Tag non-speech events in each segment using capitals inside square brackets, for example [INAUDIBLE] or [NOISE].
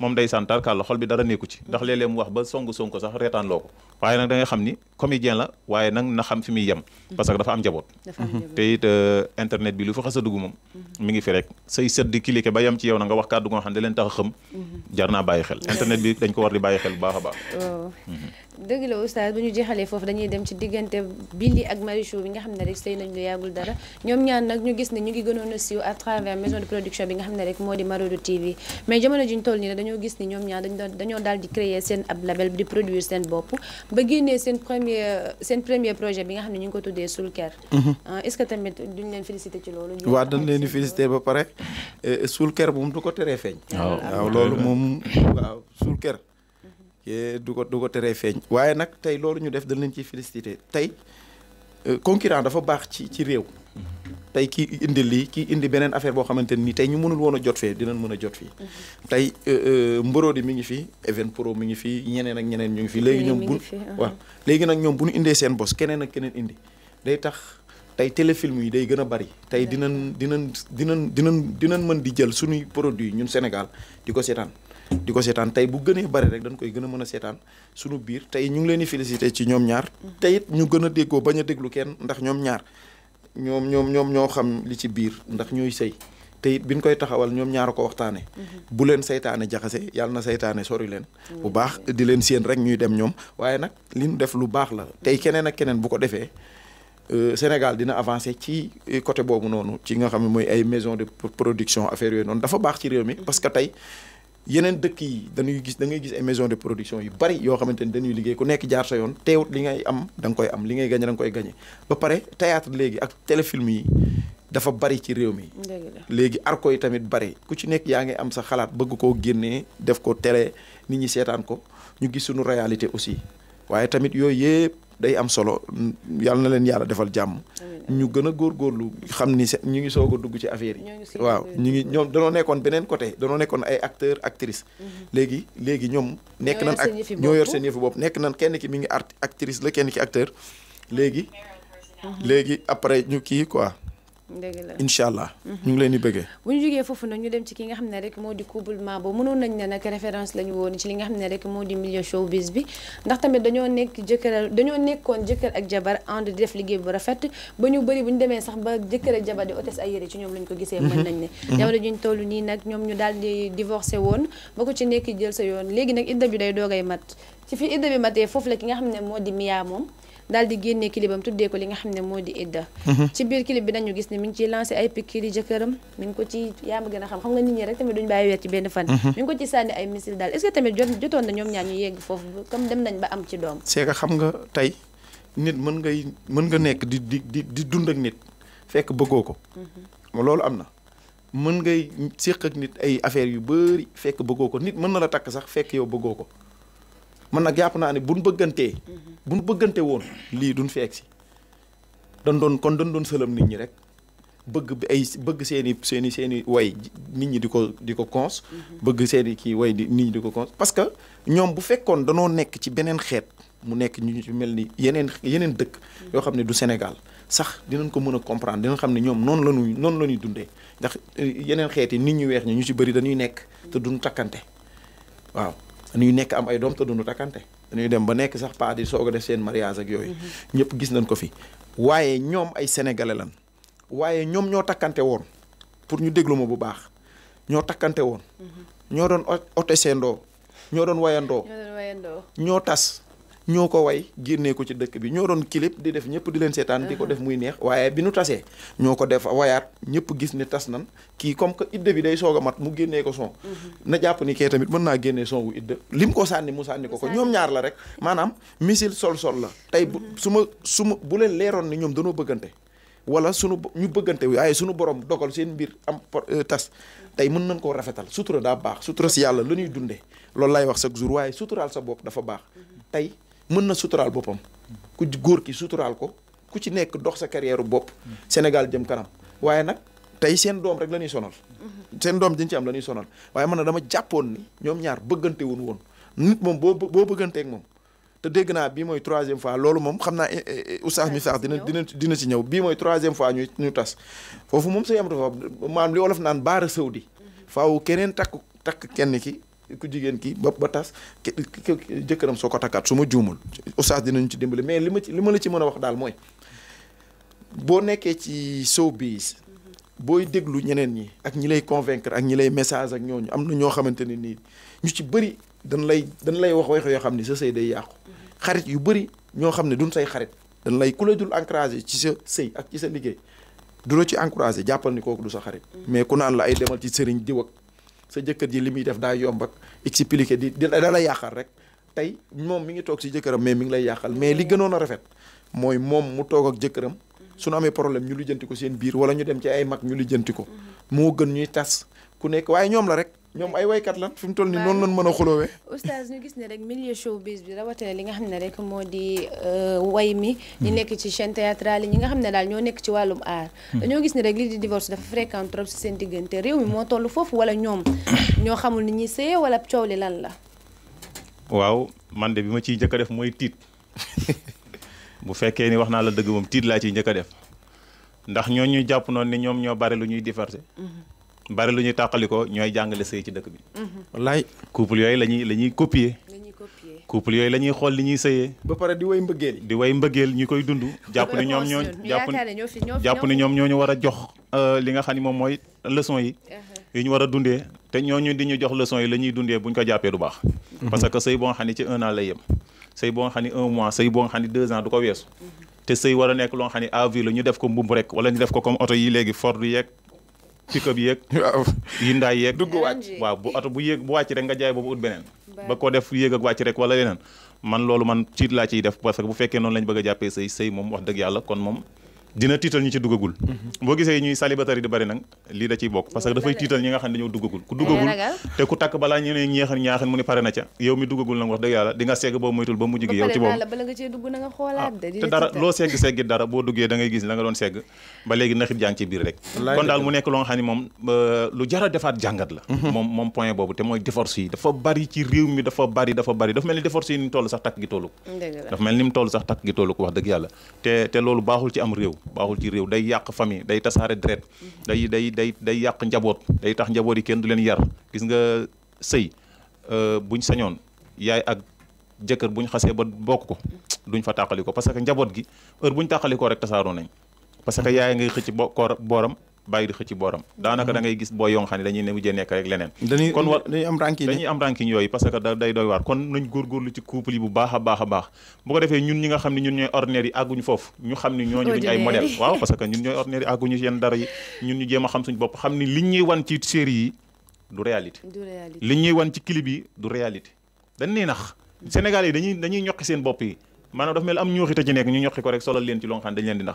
moom ndeysaan tarkalla xol bi dara nekku ci ndax léeg-léeg wax ba songu sonko sax reetaan loo waaye nag da xam ni comédien la waaye nag na xam fi muy yem parce euh, a mhm. na a mhm. bàyyi xel internet bi dañ ko war di bàyyi xel bu baax a mhm. la oustaz bu ñu jeexalee foofu dañuy dem ci diggante Billy ak Marichou bi nga xam ne rek sëy ñu gis ne ñu ngi gënoon a siiw à travers maison de production bi nga xam ne rek moo di Marodi TV mais jamono juñ toll nii dañoo gis ni ñoom ñaar dañoo dañoo daal di créer seen ab label di produire seen bopp ba génnee seen premier projet bi nga xam ne ñu ngi ko tuddee Soulker. Mhm. Ah, est-ce que tamit duñ leen féliciter ci loolu. waaw dañ eh, du ko teree feeñ. Ah, waaw loolu moom waaw Soulker. Mhm. Eh, du du ko teree feeñ. waaye nag tey loolu ñu def dañ leen ciy féliciter tey eh, concurrent dafa baax ci ci réew. tey kii indi lii kii indi beneen affaire boo xamante nii tey ñu mënul woon a jot fee dinañ mën a jot fii. Mm-hmm. tey euh, euh, Mborodi mi ngi fii Even Pro mi ngi fii ñeneen ak ñeneen ñu ngi fii léegi ñoom bu uh-huh. waaw léegi nag ñoom bu ñu indee seen bos keneen ak keneen indi day tax tey téléfilm yi day gën a bari. tey dinañ dinañ dinañ dinañ dinañ mën di jël suñuy produit ñun Sénégal di ko seetaan. di ko seetaan tey bu gënee bari rek dañ koy gën a mën a seetaan sunu biir tey ñu ngi leen di félicité ci ñoom ñaar. Mm-hmm. tey ñu gën a déggoo déglu kenn ndax ñoom ñaar ñoom ñoom ñoom ñoo xam li ci biir ndax ñooy sëy te it biñ koy taxawal ñoom ñaar ko waxtaane mhm. bu leen saytaane jaxase yal na saytaane sori leen bu mhm. baax di leen seen rek ñuy dem ñoom waaye nag li ñu def lu baax la tey keneen ak keneen bu ko defee euh, Sénégal dina avancer ci côté boobu noonu ci nga xam mooy ay maison de production affaire yooyu noonu dafa baax ci réew mi mhm. parce que tey yeneen dëkk yi dañuy gis da ngay gis ay maison de production yu bari yoo xamante ni dañuy liggéey ku nekk jaar sa yoon teewut li ngay am danga koy am li ngay gañe da koy gañe ba pare théâtre léegi ak téléfilm yi dafa bari ci réew mi léegi arko yi tamit bari ku ci nekk yaa ngi am sa xalaat bëgg koo génne def ko télé nit ñi seetaan ko ñu gis suñu réalité aussi waaye tamit yooyu yëpp day am solo yàlla na leen yàlla defal jàmm ñu gën a góorgóorlu xam ni se ñu ngi soog dugg ci affaire yi waaw ñu ngi ñoom danoo nekkoon beneen côté danoo nekkoon ay acteur actrice mhm. léegi léegi ñoom nekk nan ak ñoo yor seen yëfu boobu nekk nan kenn ki mu ngi art actrice la kenn ki acteur léegi mhm. léegi après ñu kii quoi dëgg la incha allah. ñu ngi leen di bëggee. Mm-hmm. bu ñu jógee foofu nag dem ci ki nga xam ne rek moo di couplement boobu mënoon nañ ne nag référence la ñu woon ci li nga xam ne rek moo di milieu showbiz bi ndax tamit dañoo nekk jëkkër dañoo nekkoon jëkkër ak jabar di def bu ñu demee sax ba jëkkër ak jabar di otes ay yére ci ñoom lañ ko gisee. mën nañ ne mm-hmm. jamono juñ toll nii nag ñoom ñu daal di divorcé woon ba ko ci nekk jël sa yoon léegi nag idda bi day doogay mat ci fi idda bi matee foofu la ki nga xam ne moo di miyaa daal di génnee kilibam tuddee ko li nga xam ne moo di idda mhm. ci biir kilib bi nañu gis ne mi ngi ciy lancé ay piqûre yi jëkkëram mi ngi ko ci yaa ma gën a xam xam nga nit ñi rek tamit duñu bàyyi weer ci benn fan mhm. mi ngi ko ci sànni ay misil daal est-ce ñu ba am ci doom c'est xam nga tey nit mën nga nekk di di di di dund ak nit fekk bëggoo ko mhm. loolu am na mën ngay séq nit ay affaires yu bari fekk bëggoo ko nit mën na la takk sax fekk yow bëggoo ko mën nag jàpp naa ne buñ bëggantee bu nu bëggante woon lii duñ fi egg si dañ doon kon dañ doon sëlam nit ñi rek bëgg bi ay bëgg seen i seen i seen i way nit ñi di ko di ko cons mhm. bëgg seen i kii way di nit ñi di ko cons parce que ñoom bu fekkoon danoo nekk ci beneen xeet mu nekk ñu ñu ci mel ni yeneen yeneen dëkk mhm. yoo xam ne du Sénégal sax dinañ ko mën a comprendre dinañ xam ne ñoom noonu la ñuy noonu la ñuy dundee ndax eh, yeneen xeeti nit ñu weex ñi ñu ci bëri dañuy nekk te duñ takkante waaw dañuy nekk am ay doom te duñu takkante dañuy dem ba nekk sax pas di soog def seen mariage ak yooyu. Mm-hmm. ñëpp gis nañ ko fi. waaye ñoom ay sénégalais lan waaye ñoom ñoo takkante woon pour ñu déglu ma bu baax ñoo takkante woon. Mm-hmm. ñoo doon ote seendoo ñoo doon wayandoo. ñoo doon wayandoo ñoo tas. ñoo ko way génnee ko ci dëkk bi ñoo doon clip di def ñëpp di leen seetaan di ko uh-huh. def muy neex waaye bi nu tasee ñoo ko def wayaat ñëpp gis ne tas nan kii comme que idde bi day soog a mat mu génnee ko son uh-huh. na jàpp ni kee tamit mën naa génnee son wu lim ko sànni mu sànni ko ko ñoom ñaar la rek maanaam misil sol sol la tey bu uh-huh. su ma su ma bu leen leeroon ni ñoom danoo bëggante wala sunu ñu bëggante waaye sunu borom dogal seen mbir am euh, tas tey mën nañ koo rafetal sutura daa baax sutura si yàlla la ñuy dunde loolu lay wax sa jour waaye suturaal sa bopp dafa baax tey mën na suturaal boppam ku góor ki suturaal ko ku ci nekk dox sa carrière bopp Sénégal jëm kanam waaye nag tey seen doom rek la ñuy sonal seen doom dañ ci am la ñuy sonal waaye man na dama jàppoon ni ñoom ñaar bëggante wuñ woon nit moom boo boo bëgganteeg moom te dégg naa bii mooy troisième fois loolu moom xam naa eh, eh, eh, oustaz mi sax dina dina dina ci ñëw bii mooy troisième fois ñu ñu tas foofu moom sa yamatu fa maanaam li wolof naan baara sëw di faaw keneen takk takk kenn ki ku jigéen ki ba ba tas jëkkëram soo ko takkaat su ma juumul oustaz dinañu ci dimbali mais li ma ci li ma la ci mën a wax daal mooy boo nekkee ci showbiz booy déglu ñeneen ñi ak ñi lay convaincre ak ñi lay message ak ñooñu am na ñoo xamante ne nii ñu ci bëri dañ lay dañ lay wax wax yoo xam ne sa sëy day yàqu xarit yu bëri ñoo xam ne duñ say xarit dañ lay ku la dul encouragé ci sa sëy ak ci sa liggéey du la ci encouragé jàppal ni kooku du sa xarit mm. mais ku naan sa jëkkër ji li muy def daa yomb ak expliqué di di da lay yàqal rek tey moom mi ngi toog si jëkkëram mais mi ngi lay yàqal mais li gënoon a rafet mooy moom mu toog ak jëkkëram su mhm. suñu amee problème ñu lijjanti ko seen biir wala ñu dem ci ay mag ñu lijjanti ko mhm. moo gën ñuy tas ku nekk waaye ñoom la rek ñoom ay waykat lan fi mu toll nii noonu lañ mën a xulóowee. oustaz ñu gis ne rek milieu showbiz bi rawatina li nga xam ne rek moo di euh, way mi. ñi hmm. nekk ci chaîne théâtrale yi ñi nga xam ne daal ñoo nekk ci wàllum art. Hmm. dañoo gis ne rek lii di divorce dafa fréquent trop si seen diggante réew mi moo toll foofu wala ñoom [COUGHS] ñoo xamul ni ñuy sëyee wala coow li lan la. waaw man de bi ma ciy njëkk def mooy tiit [LAUGHS] bu fekkee ni wax naa la dëgg moom tiit laa ciy njëkk a def ndax ñoo ñuy jàpp noonu ni ñoom ñoo bari lu ñuy divorce hmm. bari lu ñuy tàqalikoo ñooy jàngale sëy ci dëkk bi. Mm-hmm. wallaay couple yooyu la ñuy la ñuy copier. la ñuy xool li ñuy sëyee. ba pare di way mbëggeel. di way mbëggeel ñu koy dund. [LAUGHS] jàpp ni ñoom ñoo jàpp ni ñoom ñoo ñu war a jox euh, li nga xam ne mooy leçon yi. Uh-huh. yu ñu war a dundee te ñooñu di ñu jox leçon yi la ñuy dundee bu ñu ko jàppee du baax. Mm-hmm. parce que sëy boo nga xam ne ci un an lay yem. sëy boo nga xam ne un mois sëy boo nga xam ne deux ans du ko weesu. Mm-hmm. te sëy war a nekk loo nga xam ne à ñu def ko mbubb pick-up yeeg. [LAUGHS] waaw yindaay yeeg. dugg wàcc waaw bu oto bu yéeg bu wàcc rek nga jaay boobu ut beneen. ba koo def yéeg ak wàcc rek wala leneen man loolu man ciit laa ci def parce que bu fekkee noonu lañ bëgg a jàppee sëy sëy moom wax dëgg yàlla kon moom dina tiital ñi ci duggagul mhm. boo gisee ñuy célibataire di bari nag lii da ciy bokk parce que dafay tiital ñi nga xam ne dañoo duggagul ku duggagul te ku takk balaa ñu ne ñeexan ñaaxan mu ne pare na ca yow mi duggagul nag wax dëgg yàlla di nga segg boo moytul ba mujj gi ah, te dara loo segg seggi dara boo duggee da ngay gis la nga doon segg ba léegi naxit jàng ci biir rek kon mu nekk loo xam ne moom jara defaat jàngat la mhm. moom moom point boobu te mooy divorce yi dafa bari ci réew mi dafa bari dafa bari dafa mel ni divorce yi ni mu toll gi tollu ni mu toll sax takk gi tollu ko wax dëgg yàlla te te loolu baaxul ci am réew baaxul ci réew day yàq famille day tasaare deret day day day day yàq njaboot day tax njaboot yi kenn du leen yar gis nga sëy euh, buñ sañoon yaay ak jëkkër buñ xasee ba bokk ko duñ fa tàqali ko parce que njaboot gi heure buñ tàqali ko rek tasaaroo nañ parce que yaay ngay xëcc bo koo booram bàyyi di xëcc booram mm-hmm. daanaka da ngay gis boo yoo xam ne dañuy ne mujjee nekk rek leneen kon wa dañuy am ranking am yooyu parce day doy waar kon nañ góorgóorlu ci couple bu baax a baax a defee ñun ñi nga xam ne ñun ñooy ordinaire yi àgguñu foofu ñu xam ne ñooñu duñu ay modèle waaw parce que ñun ñooy ordinaire yi àgguñu yenn dara yi ñun ñu jéem xam suñu bopp xam ne li ñuy wan ci série yi du réalité li ñuy wan ci clip yi du réalité dañ nee nax Sénégal dañuy dañuy seen bopp yi maanaam dafa mel am ñooxi te ci nekk ñu leen ci loo xam ne dañ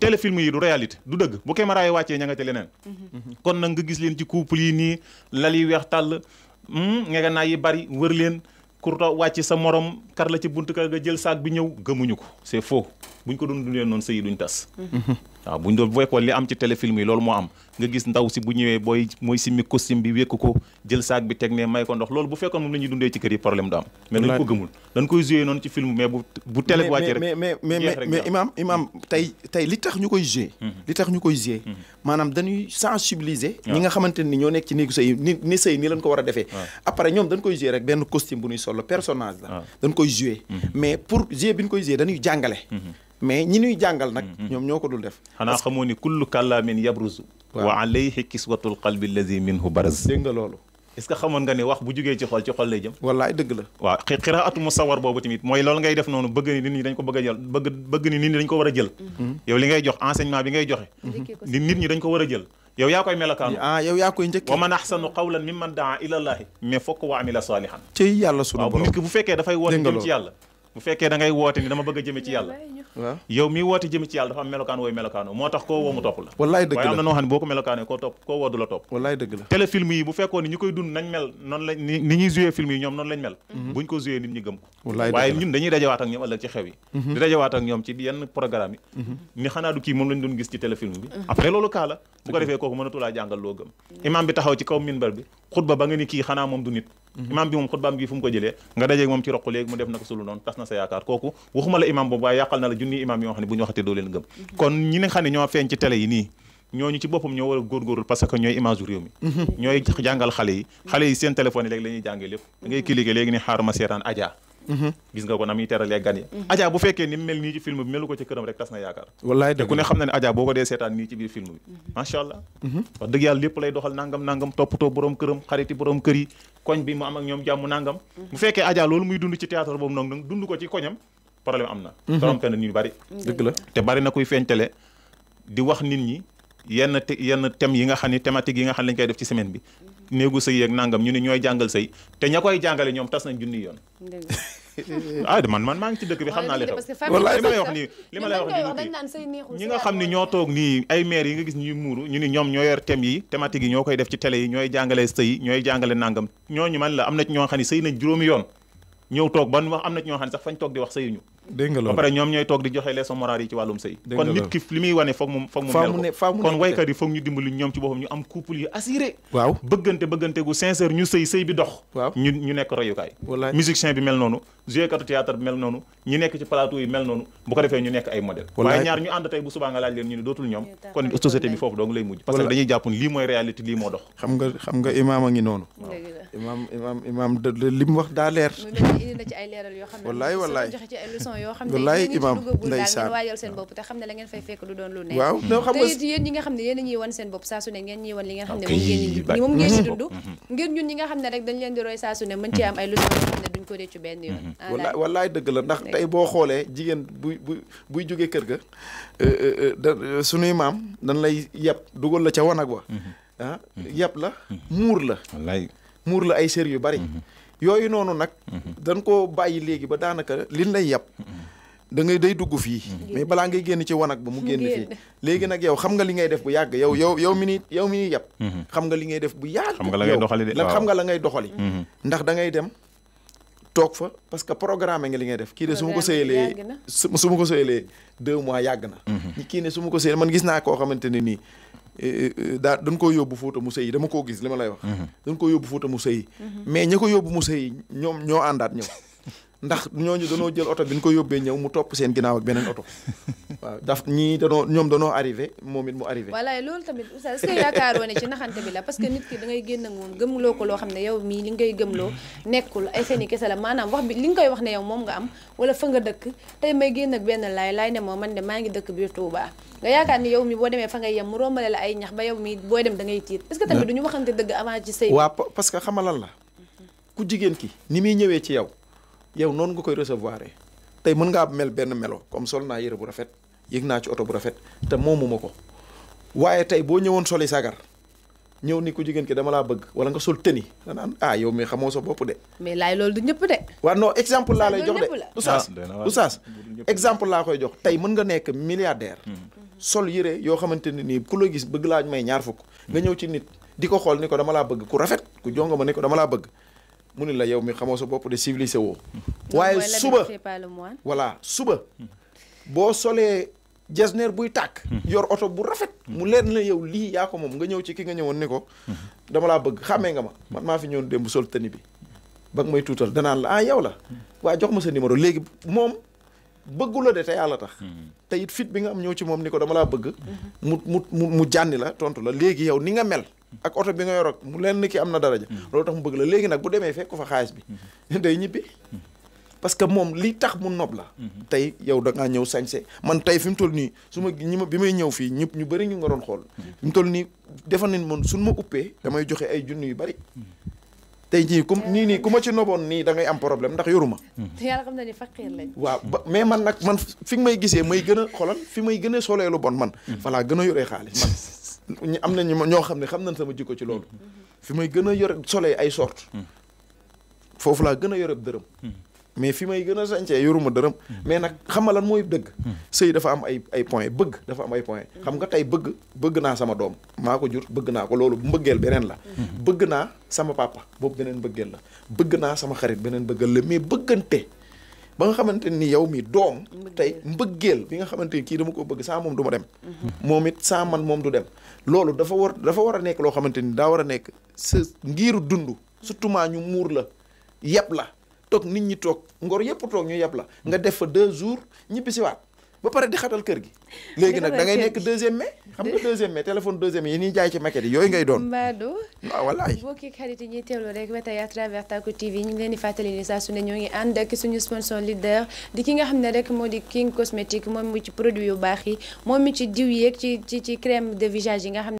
téléfilm yi du réalité du dëgg bu caméra yi wàccee ña leneen. Mhm. kon nag nga gis leen ci couple yi nii lal yi weex tàll hmm, ngega naa yi bari wër leen kurta wàcc sa morom kar la ci bunt ka nga jël saak bi ñëw gëmuñu ko c'est faux buñ ko doon dundee noonu sëy duñ tas. Mhm. waaw bu ñu doon fekkoon li am ci téléfilm yi loolu moo am nga gis ndaw si bu ñëwee booy mooy simmi costume bi wékk ko jël saak bi teg may ko ndox loolu bu fekkoon moom la ñuy dundee ci kër yi problème du am mais dañ ko gëmul dañ koy joué ñu koy joué li tax ñu koy joué mhm. mhm. maanaam dañuy sensibiliser ñi nga xamante ni ñoo nekk ci néegu sëy ni ni sëy ni lañ ko war a defee après ñoom dañ koy joué rek benn costume bu solo personnage la koy joué mhm. mais pour joué bi ñu koy joué dañuy jàngale mais ñi ñuy jàngal nag ñoom ñoo ko dul def xanaa xamoo ni kullu kàllaamin yabruzu wa alayhi kiswatul qalbi allazi minhu baraz dégg xamoon nga ne wax bu jugee ci xol ci xol lay jëm wallaay dëgg la boobu tamit mooy loolu ngay def noonu bëgg ni nit ñi dañ ko bëgg jël bëgg bëgg ni li ngay jox bi ngay joxe ni nit ko war a jël yaa koy melakaanu ah yow yaa koy njëkk wa man ahsanu qawlan mimman daa ilallaahi mais fokk wa amila saalihan ci bu fekkee dafay woote jëm ci yàlla bu fekkee da ngay woote ni dama bëgg a jëme ci yàlla yow mi woote jëm ci yàlla dafa am melokaan wooy melokaano moo tax ko melokaanee topp la wallaay dëgg la téléfilm yi bu fekkoon ni koy dund nañ mel noonu lañ ni ñuy joué film yi ñoom noonu lañ mel mhm. buñ ko joué nit ñi gëm waaye ñun dañuy dajawaat ñoom ëllëg ci xew yi mhm. di dajawaat ñoom ci yenn programme yi mhm. ni xanaa du kii moom lañ doon gis ci téléfilm bi après loolu kaa la bu ko defee kooku mënatulaa jàngal loo gëm imam bi taxaw ci kaw minbar bi Mm-hmm. imam bi moom xutbaam bi fu ko jëlee nga dajeeg moom ci roq léegi mu def naka sulu noonu tas na sa yaakaar kooku waxuma la imam boobu waaye yàqal na la junni imam yoo xam ne bu ñu gëm mm-hmm. kon ñi ne ñoo feeñ ci télé yi nii ñooñu ci boppam ñoo war a góorgóorlu parce que ñooy image u mi mm-hmm. ñooy jàngal xale yi xale yi seen téléphone yi léegi la ñuy jàngee lépp da ngay cliquer léegi xaar ma seetaan Adja Mhm. gis nga ko na muy teralee gan yi mhm. Adja bu fekkee ni mu mel nii ci film bi melu ko ci këram rek tas na yaakaar wallaay te ku ne xam na ne Adja boo ko dee seetaan nii ci biir film bi mhm. macha allah wax dëgg yàlla lépp lay doxal nangam nangam toppatoo borom këram xariti borom kër yi koñ bi mu am ñoom jàmm nangam bu fekkee Adja loolu muy dund ci théâtre boobu noonu nag dund ko ci koñam problème am na trompé na nit ñu la te bari na kuy feeñtale di wax nit ñi yenn yenn thème yi nga xam ni thématique yi nga xam ne lañ koy def ci semaine bi néegu sëy yeeg nangam ñu ni ñooy jàngal sëy te ña koy jàngale ñoom tas nañ junni yoon ah [LAUGHS] man man maa ngi ci dëkk bi xam naa li xew wallaahi li ma lay wax nii li ma lay wax ñi nga xam ni ñoo toog nii ay maire yi nga gis ñi muuru ñu ni ñoom ñoo yor thème yi thématique yi ñoo koy def ci tele yi ñooy jàngale sëy ñooy jàngale nangam ñoo ñu man la am na ñoo xam ne sëy nañ juróomi yoon ñëw toog ban wax am na ñoo xam ne sax fañ toog di wax sëyuñu dégg pare ñoom ñooy toog di joxe leçon morale yi ci wàllum sëy kon nit ki li muy wane foog mu foog mu mel ko kon waykat foog nga laaj leen ñu ne xam nga xam ngi noonu imaam wax daa leer yoo xam ne yéen ci ne la ngeen fay fekk du doon lu nekk waaw te it yéen ñi nga xam a ñuy wan seen bopp saa su ne ngeen ñuy wan li nga xam ne moom ngeen mm-hmm. Mm-hmm. ko réccu benn yoon mm-hmm. walaay walaay dëgg la ndax tey boo xoolee jigéen buy bu buy jógee kër ga euh, euh, euh, da suñuy maam dañ lay yàpp dugal la ca wanag wa ah yàpp la muur la muur la ay sér yu bari yooyu noonu nag. Mhm. dañ koo bàyyi léegi ba daanaka lin lay yab. Mhm. da ngay day dugg fii. Mhm. mais balaa ngay génn ci wanag ba mu génn léegi nag yow xam nga li ngay def bu yàgg yow yow yow mi ni yow mi ni yab. xam nga li ngay def bu yàgg. xam nga la ngay doxali de xam nga la ngay doxali. ndax da dem. toog fa parce que programme nga li ngay def kii de su ma ko sëyalee su ma ko sëyalee deux mois yàgg na. kii ne su ma ko sëyalee man gis naa koo xamante ne nii Eh, eh, eh, daa dañ koo yóbbu Fuuta mu sëy dama koo gis li ma lay wax. Mhm. dañ koo yóbbu Fuuta mu sëy mhm. mais ña ko yóbbu mu sëy ñoom ñoo àndaat ñëw. [LAUGHS] ndax ñooñu danoo jël oto bi ñu ko yóbbee ñëw mu topp seen ginnaaw ak beneen oto [LAUGHS] waaw daf ñii danoo ñoom danoo arrivé moom it mu arrivé voilà loolu tamit oustaz est-ce que yaakaaroo ne ci naxante bi la parce que nit ki da génn ak moom gëmloo ko loo xam ne yow mii li ngay gëmloo nekkul ay seen i kese la maanaam wax bi li nga koy wax ne yow moom nga am wala fa nga dëkk benn laay laay ne moom man maa ngi dëkk biir Touba nga yaakaar ni yow mi boo demee fa ngay yem mu rombale la ay ñax ba yow mi booy dem da ngay tiit est-ce que tamit duñu waxante dëgg avant ci sëy waaw parce que la ku jigéen ki ni muy ñëwee ci yow yow noonu nga koy recevoir tey mën ngaa mel benn melo comme sol naa yére bu rafet yëg naa ci oto bu rafet te moomuma ko waaye tey boo ñëwoon soli sagar ñëw ni ku jigéen ki dama laa bëgg wala nga sol tëni danaan ah yow mi xamoo sa bopp de. mais laay loolu du ñëpp de. waaw non exemple laa lay jox de Oustaz ah, Oustaz exemple laa koy jox tey mën nga nekk milliardaire. Hmm. sol yére yoo xamante ne nii ku la gis bëgg laa may ñaar fukk. nga ñëw ci nit di ko xool ni ko dama laa bëgg ku rafet ku jonga ma ni ko dama laa bëgg. mu ni la yow mi xamoo sa bopp de civilisé woo. waaye suba voilà suba. Hmm. boo solee jasneer buy tàkk mhm. yor oto bu rafet mu mhm. leen la yow lii yaa ko moom nga ñëw ci ki nga ñëwoon ni ko mhm. dama laa bëgg xàmmee nga ma man maa fi ñëwoon démb sol tani bi ba nga may tuutal danaan la ah yow la waa jox ma sa numéro léegi moom bëggu la de te yàlla tax te it fit bi nga am ñëw ci moom ni ko dama laa bëgg mu mu mu jànni la tontu la léegi yow ni nga mel ak oto bi nga yor ak mu leen ni ki am na daraja loolu tax mu bëgg la léegi nag bu demee fekk ko fa xaalis [LAUGHS] parce que moom li tax mu nob la. Mhm. tey yow da ngaa ñëw sañse man tey fi mu toll nii su ma ñi ma bi may ñëw fii ñëpp ñu bari ñu nga doon xool. Mhm. fi mu toll nii defoon nañ man suñ ma uppee damay joxe ay junni yu bari mhm. tey jii comme nii nii ku ma ci noboon nii da ngay am problème ndax yoruma. yàlla xam na ni faqiir lañ. waaw ba mais man nag man fi may gisee may gën a xoolal fi may gën a solee lu bon man. falaa gën a yoree xaalis man. ñu am na ñu ma ñoo xam ne xam nañ sama jikko ci loolu. fi may gën a yore solee ay sorte foofu laa gën a yore dërëm mais fi may gën a sañcee yoruma dërëm mais nag xam lan mooy dëgg sëy dafa am ay ay point bëgg dafa am ay point xam nga tey bëgg bëgg naa sama doom maa ko jur bëgg naa ko loolu mbëggeel beneen la bëgg naa sama papa boobu beneen mbëggeel la bëgg naa sama xarit beneen mbëggeel la mais bëggante ba nga xamante nii yow mii doom tey mbëggeel bi nga xamante ni kii dama ko bëgg saa moom du dem moomit saa man moom du dem loolu dafa war dafa war a nekk loo xamante ni daa war a nekk sa ngiiru dund surtout maa ñu muur la yeb la toog nit ñi toog ngor yëpp toog ñu yab la nga def fa deux jours ñibbi si waat ba pare di xatal kër gi léegi nag da ngay nekk deuxième mai xam nga deuxième mai téléphone deuxième yi ñuy jaay ci maquette yi yooyu ngay doon mbaadu waaw ah, wallaay bokki xarit yi ñuy teewlu rek ba tey à TV ñu leen fàttali ni saa su ne ñoo ngi ànd ak suñu sponsor leader di ki nga xam ne rek moo di King Cosmétique moom mi ci produit yu baax yi moom mi ci diw yeeg